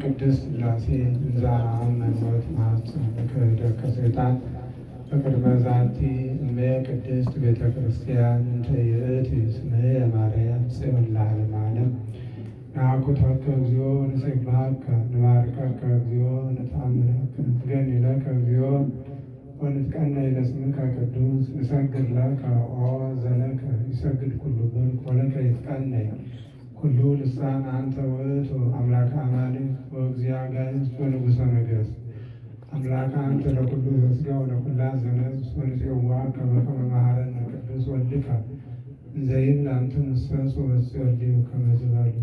በቅድስት ሥላሴ እንዛ አመኖት ማኅፀንከ ደከ ሰይጣን በቅድመ ዛቲ እመ ቅድስት ቤተ ክርስቲያን እንተ ይእቲ ስምየ የማርያም ጽዮን ለዓለመ ዓለም ናኩቶከ እግዚኦ ንስግደከ ንባርከከ እግዚኦ ንተአምነከ ንገንለከ እግዚኦ ወንትቀነይ ለስምከ ቅዱስ ንሰግድ ለከ ኦ ዘለከ ይሰግድ ኩሉ በልክ ወለከ ይትቀነይ ሁሉ ልሳን አንተ ውእቱ አምላከ አማልክት ወእግዚአ አጋእዝት ወንጉሠ ነገስ አምላከ አንተ ለኩሉ ዘሥጋ ወለኩላ ዘነብ ወንጽዋ ከመከመ መሐረነ ቅዱስ ወልድከ እንዘይብል ለአንተ ንሰሶ በጽዮን ከመ ዝባሉ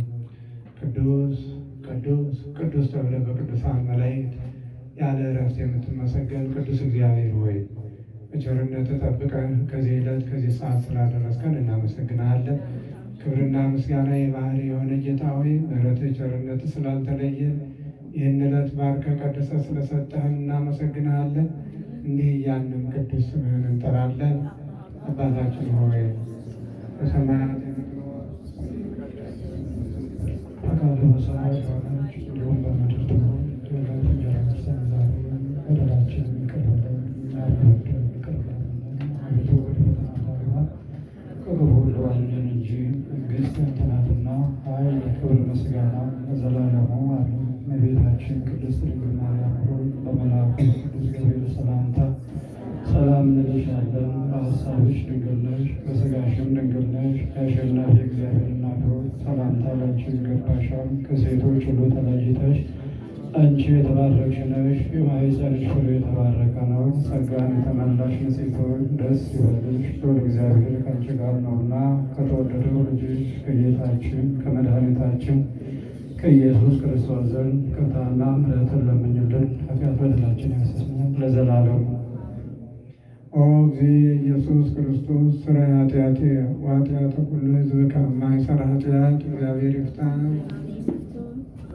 ቅዱስ ቅዱስ ቅዱስ ተብለ በቅዱሳን መላእክት ያለ እረፍት የምትመሰገን ቅዱስ እግዚአብሔር ሆይ በቸርነት ተጠብቀን ከዚህ ዕለት ከዚህ ሰዓት ስላደረስከን እናመሰግናለን። ክብርና ምስጋና የባህር የሆነ ጌታ ሆይ ምሕረት ቸርነት ስላልተለየ ይህን ዕለት ባርከ ቀድሰ ስለሰጠህን እናመሰግንሃለን። እንዲህ እያንም ቅዱስ ስምህን እንጠራለን። አባታችን ሆይ በሰማያት ሰማያት በሰማይ እንዲሁም በምድር መንግስት ትናትና ኃይል ክብር ምስጋና ለዘላለሙ አሉ። እመቤታችን ቅድስት ድንግል ማርያም ሆይ በመልአኩ ቅዱስ ገብርኤል ሰላምታ ሰላም እንልሻለን። በሀሳብሽ ድንግል ነሽ፣ በስጋሽም ድንግል ነሽ። የአሸናፊ እግዚአብሔር እናት ሆይ ሰላምታ ላንቺ ይገባሻል። ከሴቶች ሁሉ ተለይተሽ አንቺ የተባረክሽ ነሽ፣ የማኅፀንሽ ፍሬ የተባረከ ነው። ጸጋን የተመላሽ ንጽሕት ሆይ ደስ ይበልሽ፣ ሎል እግዚአብሔር ከአንቺ ጋር ነውና ከተወደደው ልጅሽ ከጌታችን ከመድኃኒታችን ከኢየሱስ ክርስቶስ ዘንድ ይቅርታና ምሕረትን ለምኝልን፣ ኃጢአት በደላችን ያስተሰርይልን ለዘላለሙ። ኦ እግዚእ ኢየሱስ ክርስቶስ ሥራይ ኃጢአቴ ወኃጢአተ ኩሉ ሕዝብ ከማይሰራ ኃጢአት እግዚአብሔር ይፍታ።